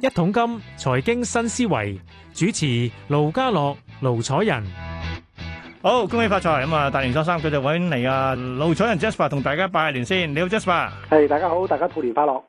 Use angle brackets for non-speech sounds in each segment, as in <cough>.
一桶金財經新思維，主持盧家樂、盧楚仁。好，恭喜發財！咁啊，大年初三繼續揾嚟啊，盧楚仁 Jasper 同大家拜年先。你好，Jasper。係 Jas，大家好，大家兔年快樂。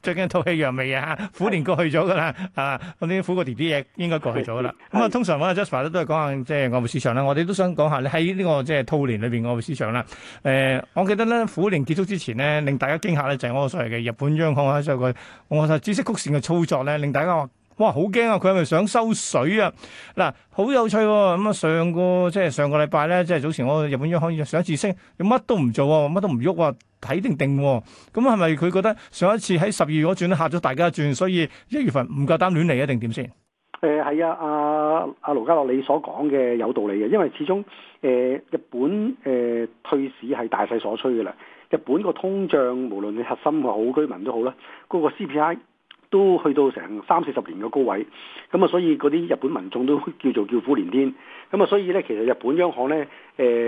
最近兔氣揚味啊，虎年過去咗噶啦， <laughs> <laughs> 啊啲虎個 D D 嘢應該過去咗噶啦。咁啊，通常揾阿 Jasper 咧都係講下即係外匯市場啦。我哋都想講下你喺呢個即係兔年裏邊外匯市場啦。誒、呃，我記得咧虎年結束之前咧令大家驚嚇咧就係、是、我所謂嘅日本央行喺上個我話孳息曲線嘅操作咧令大家。哇，好驚啊！佢係咪想收水啊？嗱、啊，好有趣喎！咁啊，上個即係、就是、上個禮拜咧，即、就、係、是、早前我日本央行上一次升，乜都唔做喎、啊，乜都唔喐喎，睇定定喎、啊。咁係咪佢覺得上一次喺十二月嗰轉嚇咗大家一轉，所以一月份唔夠膽亂嚟一定點先？誒係、呃、啊！阿阿盧家樂你所講嘅有道理嘅，因為始終誒、呃、日本誒、呃、退市係大勢所趨嘅啦。日本個通脹無論你核心或好居民都好啦，嗰、那個 CPI。都去到成三四十年嘅高位，咁啊，所以嗰啲日本民眾都叫做叫苦連天，咁啊，所以咧，其實日本央行咧，誒、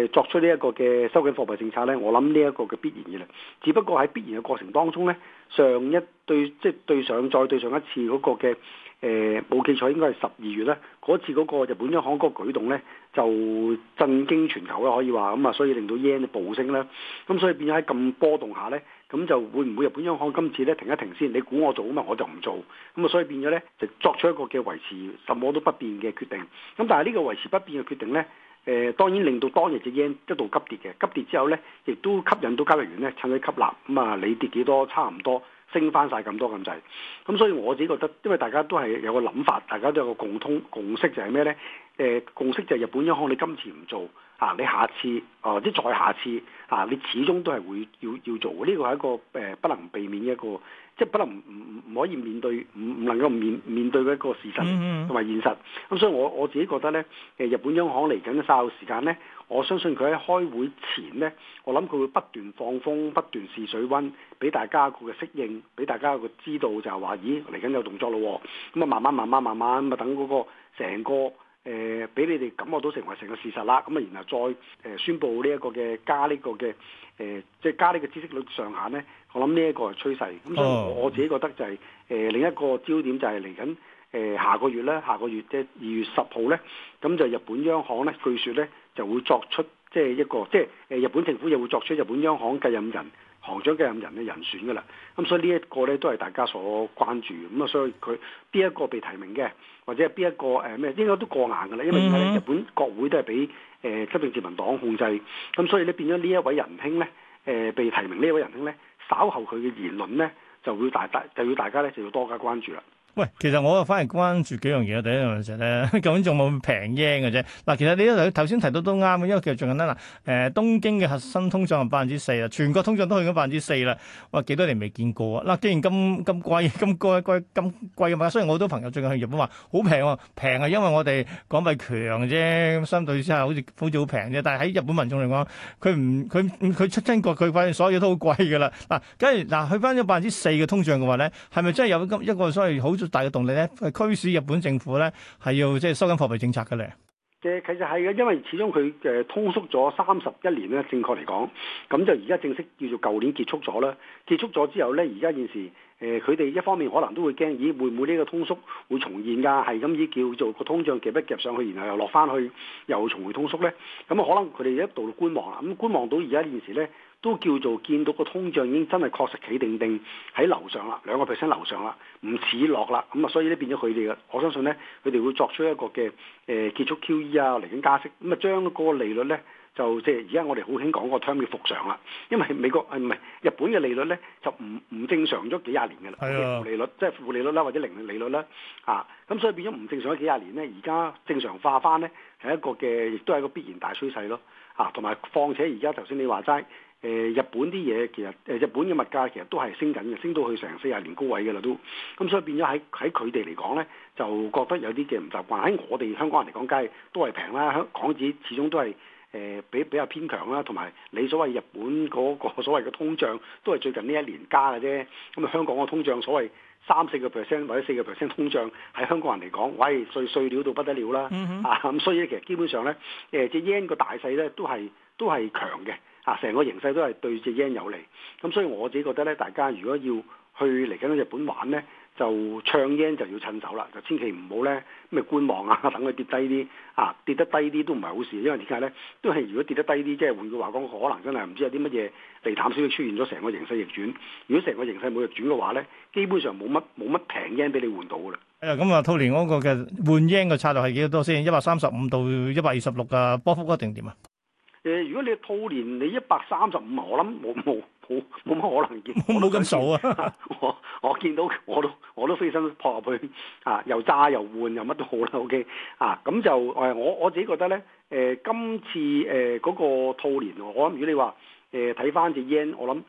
呃、作出呢一個嘅收緊貨幣政策咧，我諗呢一個嘅必然嘅，只不過喺必然嘅過程當中咧，上一對即係對上再對上一次嗰個嘅，誒冇記錯應該係十二月咧，嗰次嗰個日本央行嗰個舉動咧就震驚全球啦，可以話，咁啊，所以令到 yen 嘅暴升啦，咁所以變咗喺咁波動下咧。咁就會唔會日本央行今次咧停一停先？你估我做啊嘛，我就唔做。咁啊，所以變咗咧就作出一個嘅維持，什麼都不變嘅決定。咁但係呢個維持不變嘅決定咧，誒、呃、當然令到當日隻 yen 一度急跌嘅，急跌之後咧，亦都吸引到交易員咧趁佢吸納。咁、嗯、啊，你跌幾多差唔多升翻晒咁多咁滯。咁所以我自己覺得，因為大家都係有個諗法，大家都有個共通共識就係咩咧？誒、呃、共識就係日本央行你今次唔做。啊！你下次，或、啊、者再下次，啊！你始終都係會要要做呢，個係一個誒、呃、不能避免一個，即係不能唔唔可以面對，唔唔能夠面面對嘅一個事實同埋現實。咁、啊、所以我我自己覺得呢，日本央行嚟緊嘅稍後時間呢，我相信佢喺開會前呢，我諗佢會不斷放風，不斷試水温，俾大家一個適應，俾大家一個知道就係、是、話，咦嚟緊有動作嘞喎、哦！咁、嗯、啊，慢慢慢慢慢慢咁等嗰個成個。誒俾、呃、你哋感覺到成為成個事實啦，咁啊，然後再誒、呃、宣佈呢一個嘅加呢個嘅誒，即、呃、係加呢個孳息率上限呢，我諗呢一個係趨勢，咁、嗯、所以我，我自己覺得就係、是、誒、呃、另一個焦點就係嚟緊誒下個月呢，下個月即係二月十號呢。咁就日本央行呢，據說呢就會作出即係一個，即、就、係、是、日本政府又會作出日本央行繼任人。行長繼任人嘅人選㗎啦，咁所以呢一個咧都係大家所關注，咁啊，所以佢邊一個被提名嘅，或者係邊一個誒咩、呃，應該都過硬㗎啦，因為日本國會都係俾誒執政自民黨控制，咁所以咧變咗呢一位仁兄咧誒、呃、被提名呢一位仁兄咧，稍後佢嘅言論咧就會大得就要大家咧就要多加關注啦。喂，其實我啊反而關注幾樣嘢，第一樣嘢就咧，究竟仲冇咁平應嘅啫。嗱，其實你一頭先提到都啱嘅，因為其實最近咧嗱，誒東京嘅核心通脹係百分之四啦，全國通脹都去咗百分之四啦。話幾多年未見過啊！嗱，既然咁咁貴咁貴貴咁貴嘅話，雖然我好多朋友最近去日本話好平喎，平啊，因為我哋港幣強嘅啫，相對之下好似好似好平啫。但係喺日本民眾嚟講，佢唔佢佢出中國佢，反正所有嘢都好貴㗎啦。嗱，跟住嗱去翻咗百分之四嘅通脹嘅話咧，係咪真係有一個所謂好？大嘅動力咧，驅使日本政府咧係要即係收緊貨幣政策嘅咧。嘅其實係嘅，因為始終佢嘅通縮咗三十一年咧，正確嚟講，咁就而家正式叫做舊年結束咗啦。結束咗之後咧，而家件事，誒佢哋一方面可能都會驚，咦會唔會呢個通縮會重現㗎？係咁，咦叫做個通脹夾一夾上去，然後又落翻去，又重回通縮咧。咁啊，可能佢哋一度觀望啦。咁觀望到而家呢件事咧。都叫做見到個通脹已經真係確實企定定喺樓上啦，兩個 percent 樓上啦，唔似落啦，咁啊，所以咧變咗佢哋嘅，我相信咧，佢哋會作出一個嘅誒、呃、結束 QE 啊，嚟緊加息，咁啊將個利率咧就即係而家我哋好興講個 term 叫「復常」啦，因為美國啊唔係日本嘅利率咧就唔唔正常咗幾廿年㗎啦，哎、呀負利率即係、就是、負利率啦或者零利率啦啊，咁所以變咗唔正常咗幾廿年咧，而家正常化翻咧係一個嘅亦都係一個必然大趨勢咯，啊，同埋況且而家頭先你話齋。誒日本啲嘢其實誒日本嘅物價其實都係升緊嘅，升到去成四十年高位嘅啦都咁，所以變咗喺喺佢哋嚟講咧，就覺得有啲嘅唔習慣。喺我哋香港人嚟講，梗係都係平啦，港紙始終都係誒比比較偏強啦。同埋你所謂日本嗰個所謂嘅通脹，都係最近呢一年加嘅啫。咁啊，香港嘅通脹所謂三四個 percent 或者四個 percent 通脹，喺香港人嚟講，喂碎碎料到不得了啦、嗯、哼啊！咁所以咧，其實基本上咧，誒隻 yen 個大勢咧都係都係強嘅。啊！成個形勢都係對隻 yen 有利，咁所以我自己覺得咧，大家如果要去嚟緊日本玩咧，就唱 yen 就要趁手啦，就千祈唔好咧咩咪觀望啊，等佢跌低啲啊，跌得低啲都唔係好事，因為點解咧？都係如果跌得低啲，即係換句話講，可能真係唔知有啲乜嘢利淡消息出現咗，成個形勢逆轉。如果成個形勢冇逆轉嘅話咧，基本上冇乜冇乜平 yen 俾你換到噶啦。誒，咁啊兔年嗰個嘅換 yen 嘅策略係幾多多先？一百三十五到一百二十六嘅波幅一定點啊？誒，如果你兔年，你一百三十五，我諗冇冇冇冇乜可能見到。啊、 <laughs> 我冇咁數啊！我我見到我都我都飛身撲入去啊！又炸又換又乜都好啦，OK 啊！咁就誒，我我自己覺得咧，誒、呃、今次誒嗰、呃那個兔年，我諗如果你話誒睇翻隻 yen，我諗誒。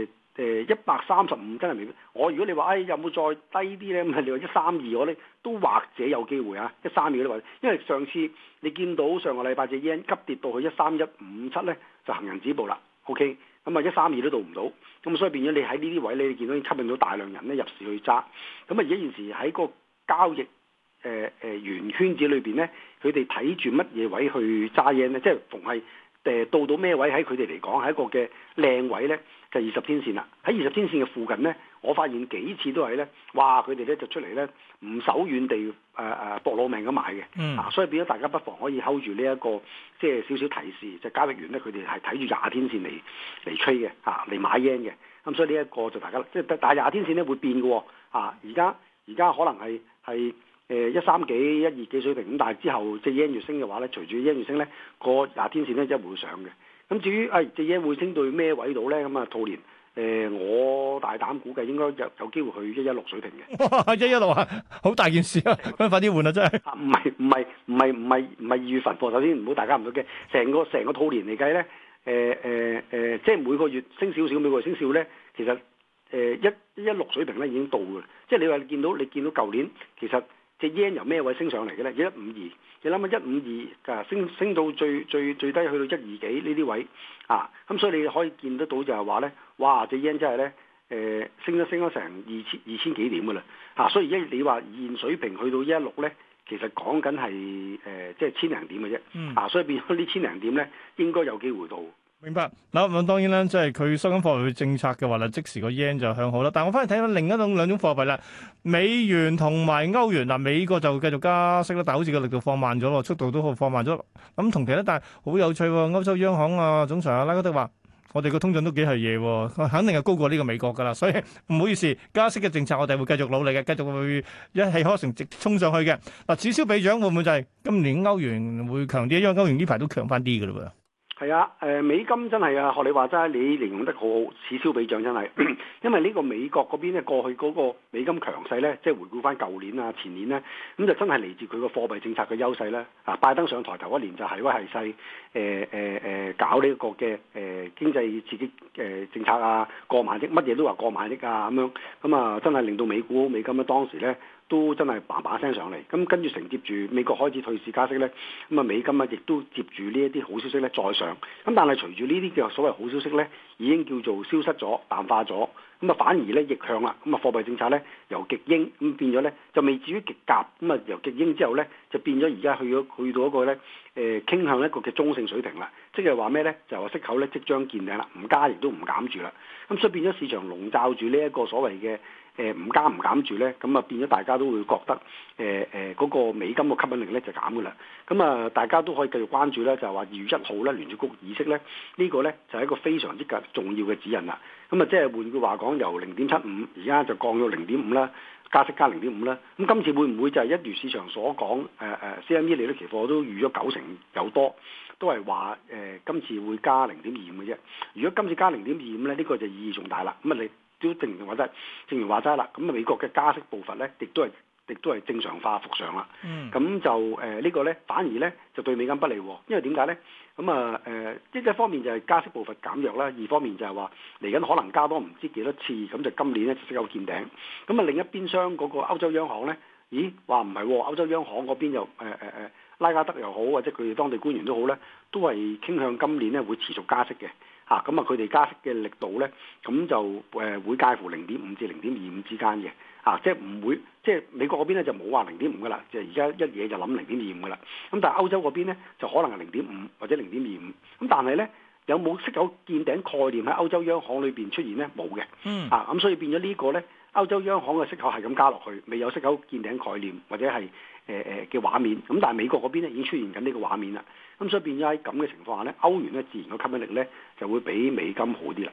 呃誒一百三十五真係未必，我如果你話誒、哎、有冇再低啲咧，咁你話一三二，我咧都或者有機會啊，一三二嗰啲位，因為上次你見到上個禮拜隻 yen 急跌到去一三一五七咧，就行人止步啦，OK，咁啊一三二都到唔到，咁所以變咗你喺呢啲位你見到已經吸引到大量人咧入市去揸，咁啊而家現時喺個交易誒誒圓圈子裏邊咧，佢哋睇住乜嘢位去揸 yen 咧，即係逢係。誒到到咩位喺佢哋嚟講係一個嘅靚位咧，就係二十天線啦。喺二十天線嘅附近咧，我發現幾次都係咧，哇！佢哋咧就出嚟咧，唔手軟地誒誒搏攞命咁買嘅。嗯。啊，所以變咗大家不妨可以 hold 住呢一個，即係少少提示，就係、交易員咧佢哋係睇住廿天線嚟嚟吹嘅吓，嚟、啊、買 yen 嘅。咁、啊、所以呢一個就大家即係但係廿天線咧會變㗎喎。而家而家可能係係。誒、呃、一三幾一二幾水平咁，但係之後隻嘢越升嘅話咧，隨住越升咧，個廿天線咧，一係會上嘅。咁至於誒隻嘢會升到咩位度咧？咁、那、啊、個，兔年誒我大膽估計應該有有機會去一一六水平嘅，一一六啊，好大件事啊！個 <laughs> 快啲換啦，真係唔係唔係唔係唔係唔係二月份貨，首先唔好，大家唔好驚，成個成個兔年嚟計咧，誒誒誒，即係每個月升少少，每個月升少咧，其實誒、呃、一一,一六水平咧已經到㗎，即係你話你見到你見到舊年其實。隻 yen 由咩位升上嚟嘅咧？一五二，你諗下一五二，啊，升升到最最最低去到一二幾呢啲位啊，咁所以你可以見得到就係話咧，哇！隻 yen 真係咧，誒、呃、升咗升咗成二千二千幾點㗎啦嚇，所以而家你話現水平去到一六咧，其實講緊係誒即係千零點嘅啫，嚇、啊，所以變咗呢千零點咧應該有機會到。明白嗱，咁當然啦，即係佢收緊貨幣政策嘅話咧，即時個 yen 就向好啦。但係我反而睇到另一種兩種貨幣啦，美元同埋歐元嗱，美國就繼續加息啦，但係好似個力度放慢咗咯，速度都好放慢咗。咁同期咧，但係好有趣喎，歐洲央行啊總裁阿拉加德話：我哋個通脹都幾係嘢，肯定係高過呢個美國㗎啦。所以唔好意思，加息嘅政策我哋會繼續努力嘅，繼續會一氣呵成直衝上去嘅。嗱，此消彼長會唔會就係今年歐元會強啲？因為歐元呢排都強翻啲㗎啦。係啊，誒、呃、美金真係啊，學你話齋，你形容得好好，此消彼長真係， <coughs> 因為呢個美國嗰邊咧，過去嗰個美金強勢呢，即係回顧翻舊年啊、前年呢，咁就真係嚟自佢個貨幣政策嘅優勢呢。啊，拜登上台頭一年就係威係勢，誒誒誒，搞呢個嘅誒、呃、經濟刺激嘅政策啊，過萬億，乜嘢都話過萬億啊，咁樣咁啊，真係令到美股美金咧當時呢。都真係叭叭聲上嚟，咁跟住承接住美國開始退市加息呢，咁啊美金啊亦都接住呢一啲好消息呢再上，咁但係隨住呢啲嘅所謂好消息呢，已經叫做消失咗淡化咗，咁啊反而呢逆向啦，咁啊貨幣政策呢由極㷫咁變咗呢就未至於極㩒，咁啊由極㷫之後呢，就變咗而家去咗去到一個呢誒傾向一個嘅中性水平啦，即係話咩呢？就話息口呢即將見頂啦，唔加亦都唔減住啦，咁所以變咗市場籠罩住呢一個所謂嘅。誒唔、呃、加唔減住咧，咁啊變咗大家都會覺得誒誒嗰個美金個吸引力咧就減嘅啦。咁啊，大家都可以繼續關注咧，就係話二月一號咧，聯儲局議息咧，這個、呢個咧就係、是、一個非常之重要嘅指引啦。咁啊，即係換句話講，由零點七五而家就降到零點五啦，加息加零點五啦。咁今次會唔會就係一如市場所講？誒、呃、誒、呃、，C M E 利率期貨都預咗九成有多，都係話誒今次會加零點二五嘅啫。如果今次加零點二五咧，呢、這個就意義重大啦。咁啊，你。都正如話齋，正如話齋啦。咁啊，美國嘅加息步伐咧，亦都係亦都係正常化復上啦。嗯。咁就誒、呃這個、呢個咧，反而咧就對美金不利喎。因為點解咧？咁啊誒，一、呃、一方面就係加息步伐減弱啦，二方面就係話嚟緊可能加多唔知幾多次，咁就今年咧只有見頂。咁啊，另一邊廂嗰個歐洲央行咧，咦話唔係喎，歐、哦、洲央行嗰邊又誒誒誒，拉加德又好或者佢哋當地官員都好咧，都係傾向今年咧會持續加息嘅。啊，咁啊，佢哋加息嘅力度咧，咁就誒、呃、會介乎零點五至零點二五之間嘅，啊，即係唔會，即係美國嗰邊咧就冇話零點五噶啦，即係而家一嘢就諗零點二五噶啦，咁但係歐洲嗰邊咧就可能係零點五或者零點二五，咁但係咧有冇息口見頂概念喺歐洲央行裏邊出現咧？冇嘅，嗯，啊，咁所以變咗呢個咧，歐洲央行嘅息口係咁加落去，未有息口見頂概念或者係。誒誒嘅畫面，咁但係美國嗰邊咧已經出現緊呢個畫面啦，咁所以變咗喺咁嘅情況下咧，歐元咧自然嘅吸引力咧就會比美金好啲啦。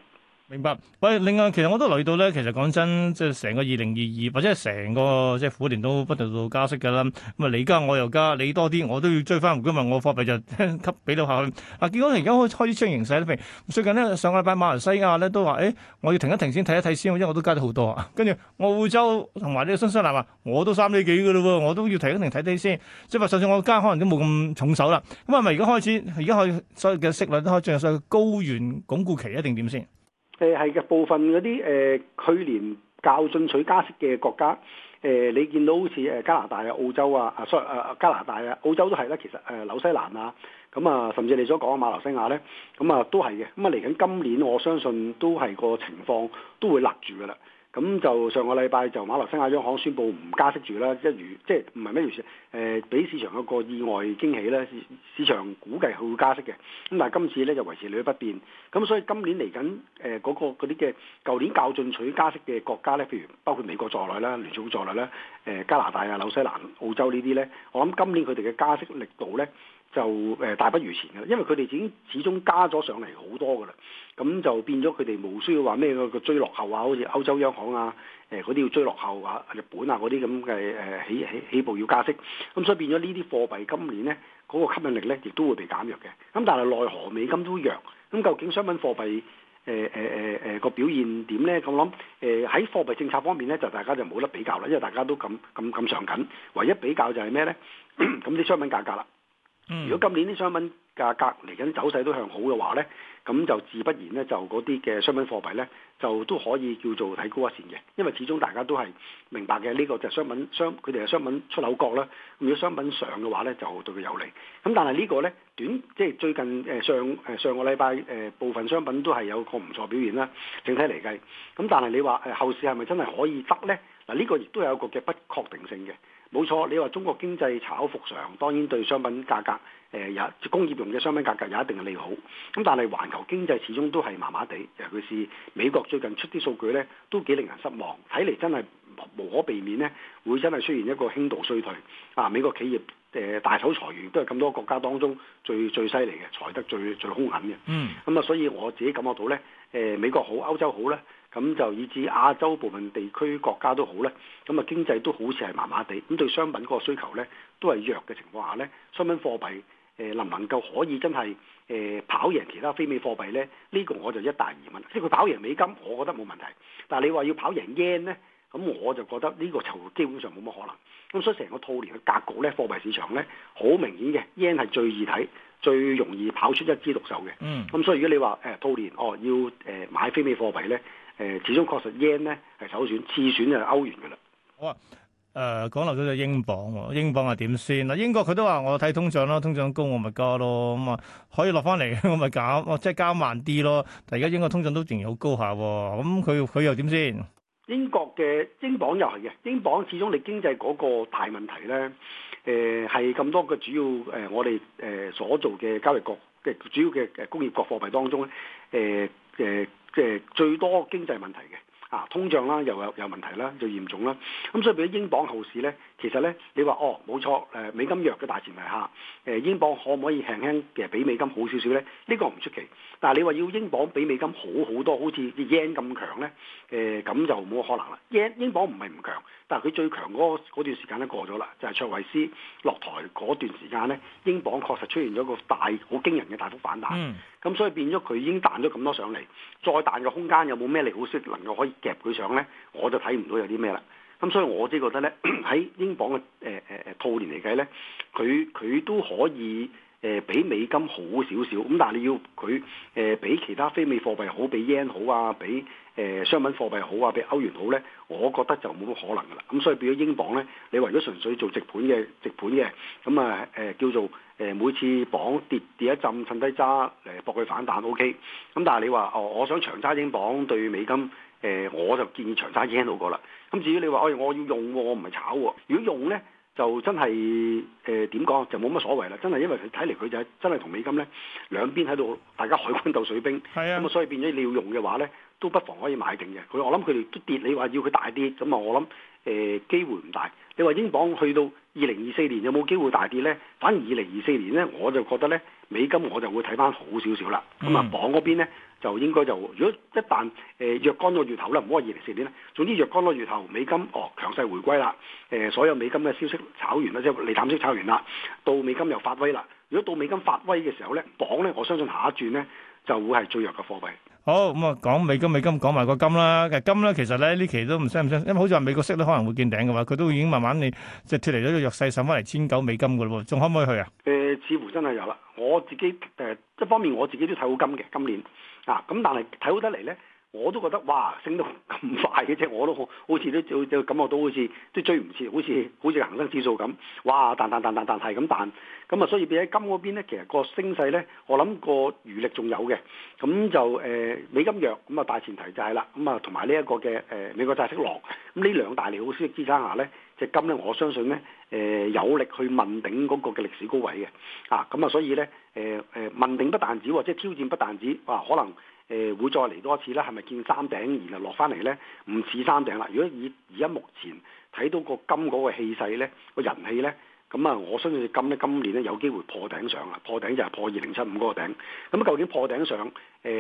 明白。喂，另外，其實我都留意到咧。其實講真，即係成個二零二二或者係成個即係、就是、虎年，都不斷到加息㗎啦。咁啊，你加我又加，你多啲我都要追翻回，因為我貨幣就吸俾到下去。嗱，結果而家開始出形勢咧，譬如最近呢，上個禮拜馬來西亞咧都話，誒、欸，我要停一停先，睇一睇先，因為我都加咗好多。跟住澳洲同埋呢新西蘭啊，我都三釐幾㗎啦，喎，我都要停一停睇睇先。即係話，就算我加，可能都冇咁重手啦。咁啊，咪而家開始，而家可以所有嘅息率都可以進入所謂高原鞏固期，一定點先？誒係嘅，部分嗰啲誒去年較進取加息嘅國家，誒、呃、你見到好似誒加拿大啊、澳洲啊、啊 sorry 啊加拿大啊、澳洲都係啦，其實誒紐、呃、西蘭啊，咁、嗯、啊甚至你所講嘅馬來西亞咧，咁、嗯、啊都係嘅，咁啊嚟緊今年我相信都係個情況都會立住㗎啦。咁就上個禮拜就馬來西亞央行宣布唔加息住啦，一如即係唔係咩回事？誒、就是，俾、呃、市場一個意外驚喜啦，市市場估計佢會加息嘅。咁但係今次咧就維持利率不變。咁所以今年嚟緊誒嗰個嗰啲嘅舊年較進取加息嘅國家咧，譬如包括美國在內啦、聯儲在內啦、誒、呃、加拿大啊、紐西蘭、澳洲呢啲咧，我諗今年佢哋嘅加息力度咧，就誒大不如前嘅，因為佢哋已經始終加咗上嚟好多嘅啦，咁就變咗佢哋冇需要話咩個追落後啊，好似歐洲央行啊、誒嗰啲要追落後啊、日本啊嗰啲咁嘅誒起起起步要加息，咁所以變咗呢啲貨幣今年咧嗰個吸引力咧亦都會被減弱嘅。咁但係奈何美金都弱，咁究竟商品貨幣誒誒誒誒個表現點咧？我諗誒喺貨幣政策方面咧，就大家就冇得比較啦，因為大家都咁咁咁上緊，唯一比較就係咩咧？咁啲商品價格啦。嗯、如果今年啲商品價格嚟緊走勢都向好嘅話呢，咁就自不然呢，就嗰啲嘅商品貨幣呢，就都可以叫做睇高一線嘅，因為始終大家都係明白嘅呢、呢個就係商品商，佢哋係商品出口角啦。如果商品上嘅話呢，就對佢有利。咁但係呢個呢，短，即係最近誒上誒上個禮拜誒部分商品都係有個唔錯表現啦。整體嚟計，咁但係你話誒後市係咪真係可以得呢？嗱呢個亦都有一個嘅不確定性嘅。冇錯，你話中國經濟口復常，當然對商品價格，誒、呃、也工業用嘅商品價格有一定嘅利好。咁但係環球經濟始終都係麻麻地，尤其是美國最近出啲數據咧，都幾令人失望。睇嚟真係無可避免咧，會真係出現一個輕度衰退。啊，美國企業誒、呃、大手裁員，都係咁多國家當中最最犀利嘅，裁得最最兇狠嘅。嗯。咁啊，所以我自己感覺到咧，誒、呃、美國好，歐洲好咧。咁就以至亞洲部分地區國家都好咧，咁啊經濟都好似係麻麻地，咁對商品嗰個需求咧都係弱嘅情況下咧，商品貨幣誒、呃、能唔能夠可以真係誒、呃、跑贏其他非美貨幣咧？呢、呢個我就一大疑問。即係佢跑贏美金，我覺得冇問題，但係你話要跑贏 yen 咧，咁我就覺得呢個就基本上冇乜可能。咁所以成個兔年嘅格局咧，貨幣市場咧好明顯嘅 yen 係最易睇、最容易跑出一枝獨秀嘅。嗯。咁所以如果你話誒、欸、兔年哦要誒買非美貨幣咧？誒始終確實 yen 咧係首選，次選就係歐元嘅啦。好啊，誒講落咗個英鎊，英鎊係點先嗱？英國佢都話我睇通脹咯，通脹高我咪加咯，咁啊可以落翻嚟我咪減，哇即係加慢啲咯。但而家英國通脹都仍然好高下，咁佢佢又點先？英國嘅英鎊又係嘅，英鎊始終你經濟嗰個大問題咧，誒係咁多個主要誒、呃、我哋誒所做嘅交易國嘅主要嘅誒工業國貨幣當中咧，誒、呃、誒。呃即係最多經濟問題嘅啊，通脹啦，又有有問題啦，又嚴重啦。咁、啊、所以比如英鎊後市咧，其實咧，你話哦，冇錯，誒美金弱嘅大前提下，誒英鎊可唔可以輕輕其實比美金好少少咧？呢、呢個唔出奇。但係你話要英鎊比美金好好多，好似 yen 咁強咧，誒、呃、咁就冇可能啦。yen 英鎊唔係唔強。但係佢最強嗰段時間咧過咗啦，就係、是、卓慧思落台嗰段時間咧，英鎊確實出現咗個大好驚人嘅大幅反彈。咁、嗯、所以變咗佢已經彈咗咁多上嚟，再彈嘅空間有冇咩利好息能夠可以夾佢上咧？我就睇唔到有啲咩啦。咁所以我即係覺得咧，喺英鎊嘅誒誒誒套年嚟計咧，佢佢都可以。誒比美金好少少，咁但係你要佢誒、呃、比其他非美貨幣好，比 yen 好啊，比誒商品貨幣好啊，比歐元好呢，我覺得就冇乜可能㗎啦。咁所以變咗英鎊呢，你為咗純粹做直盤嘅直盤嘅，咁啊誒叫做誒每次鎊跌跌，跌一陣，趁低揸誒搏佢反彈 OK。咁但係你話哦、呃，我想長揸英鎊對美金，誒、呃、我就建議長揸 yen 好過啦。咁至於你話哦、哎，我要用喎，我唔係炒喎，如果用呢。就真係誒，點、呃、講就冇乜所謂啦！真係因為睇嚟佢就係、是、真係同美金咧兩邊喺度，大家海軍鬥水兵，咁是啊，所以變咗你要用嘅話咧。都不妨可以買定嘅。佢我諗佢哋都跌，你話要佢大跌，咁啊我諗誒、呃、機會唔大。你話英鎊去到二零二四年有冇機會大跌呢？反而二零二四年呢，我就覺得呢美金我就會睇翻好少少啦。咁啊、嗯，鎊嗰邊呢就應該就如果一旦誒若干個月頭啦，唔好話二零四年啦。總之若干個月頭，美金哦強勢回歸啦。誒、呃、所有美金嘅消息炒完啦，即係利淡息炒完啦，到美金又發威啦。如果到美金發威嘅時候呢，鎊呢，我相信下一轉呢就會係最弱嘅貨幣。好，咁啊，講美金、美金講埋個金啦。其實金咧，其實咧呢期都唔使唔使，因為好似話美國息都可能會見頂嘅話，佢都已經慢慢你即係脱離咗個弱勢，上翻嚟千九美金嘅咯喎，仲可唔可以去啊？誒、呃，似乎真係有啦。我自己誒、呃、一方面我自己都睇好金嘅，今年啊咁，但係睇好得嚟咧。我都覺得哇，升得咁快嘅啫，我都好，都我都好都，好似都就感覺到好似都追唔切，好似好似恒生指數咁，哇彈彈彈彈彈係咁彈，咁啊所以俾喺金嗰邊咧，其實個升勢咧，我諗個餘力仲有嘅，咁就誒、呃、美金弱，咁啊大前提債就係啦，咁啊同埋呢一個嘅誒美國債息落，咁呢兩大利好消息支撐下咧。隻金咧，我相信咧，誒、呃、有力去問鼎嗰個嘅歷史高位嘅，啊咁啊，所以咧，誒、呃、誒問鼎不但止，即係挑戰不但止，哇，可能誒、呃、會再嚟多一次啦，係咪見山頂然後落翻嚟咧？唔似山頂啦，如果以而家目前睇到個金嗰個氣勢咧，個人氣咧。咁啊，我相信今咧今年咧有機會破頂上啊，破頂就係破二零七五嗰個頂。咁究竟破頂上，誒、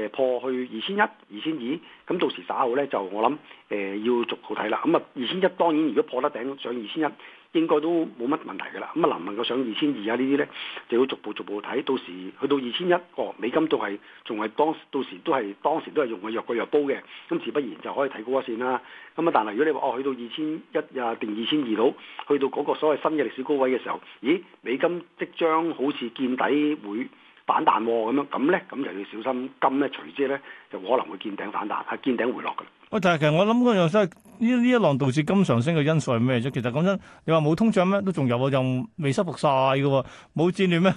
呃，破去二千一、二千二，咁到時打好咧就我諗誒、呃、要逐好睇啦。咁啊，二千一當然如果破得頂上二千一。應該都冇乜問題㗎啦，咁啊，能唔能夠上二千二啊呢啲呢，就要逐步逐步睇，到時去到二千一，哦，美金都係仲係當，到時都係當時都係用個弱過弱煲嘅，咁遲不然就可以睇高一線啦。咁啊，但係如果你話哦去到二千一啊定二千二度，去到嗰、啊、個所謂新嘅歷史高位嘅時候，咦，美金即將好似見底會？反彈咁樣咁咧，咁就要小心金咧，隨之咧就可能會見頂反彈，係見頂回落㗎喇。喂，但係其實我諗嘅又真係呢呢一浪導致金上升嘅因素係咩啫？其實講真，你話冇通脹咩？都仲有喎，仲未收復晒嘅喎，冇戰亂咩？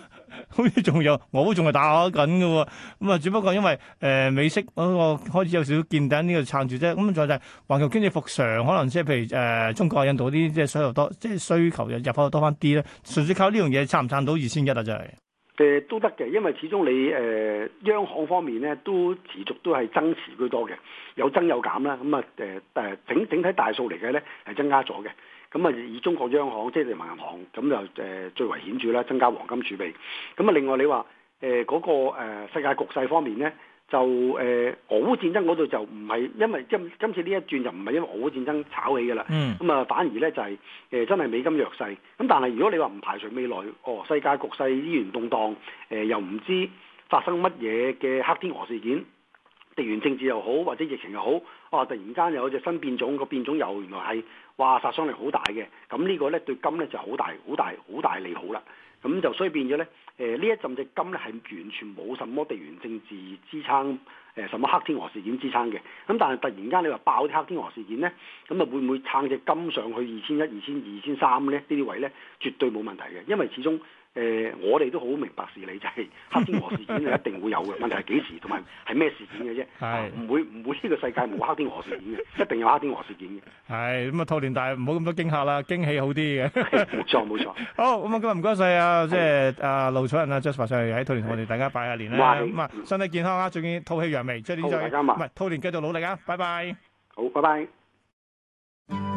好似仲有，我估仲係打緊嘅喎。咁啊，只不過因為誒美息嗰個開始有少少見頂呢個撐住啫。咁再就係環球經濟復常，可能即係譬如誒中國印度啲即係需求多，即係需求又入翻多翻啲咧。純粹靠呢樣嘢撐唔撐到二千一啊？真係。嘅都得嘅，因為始終你誒、呃、央行方面咧都持續都係增持居多嘅，有增有減啦。咁啊誒誒整整體大數嚟嘅咧係增加咗嘅。咁、嗯、啊以中國央行即人民銀行咁就誒最為顯著啦，增加黃金儲備。咁、嗯、啊另外你話誒嗰個、呃、世界局勢方面咧？就誒、呃、俄烏戰爭嗰度就唔係，因為今今次呢一轉就唔係因為俄烏戰爭炒起嘅啦。咁啊、嗯，反而咧就係、是、誒、呃、真係美金弱勢。咁但係如果你話唔排除未來，哦，世界局勢依然動盪，誒、呃、又唔知發生乜嘢嘅黑天鵝事件，地緣政治又好或者疫情又好，哦、啊、突然間有隻新變種，個變種又原來係哇殺傷力好大嘅，咁呢個咧對金咧就好大好大好大、大利好啦。咁就所以變咗咧。誒呢一陣隻金咧係完全冇什麼地緣政治支撐，誒什麼黑天鵝事件支撐嘅。咁但係突然間你話爆啲黑天鵝事件咧，咁啊會唔會撐隻金上去二千一、二千二、二千三咧？呢啲位咧絕對冇問題嘅，因為始終。誒、呃，我哋都好明白事理，就係、是、黑天鵝事件係一定會有嘅，問題係幾時同埋係咩事件嘅啫，唔、 <laughs> 啊、會唔會呢個世界冇黑天鵝事件嘅，一定有黑天鵝事件嘅。係咁啊，兔年大唔好咁多驚嚇啦，驚喜好啲嘅。冇 <laughs> 錯，冇錯。好，咁啊，今日唔該晒啊，即係啊，盧楚仁啊 Jasper 上嚟喺兔年同我哋大家拜下年咧，身體健康啊，最緊要吐氣揚眉，再見再見，唔係兔年繼續努力啊，拜拜。好，拜拜。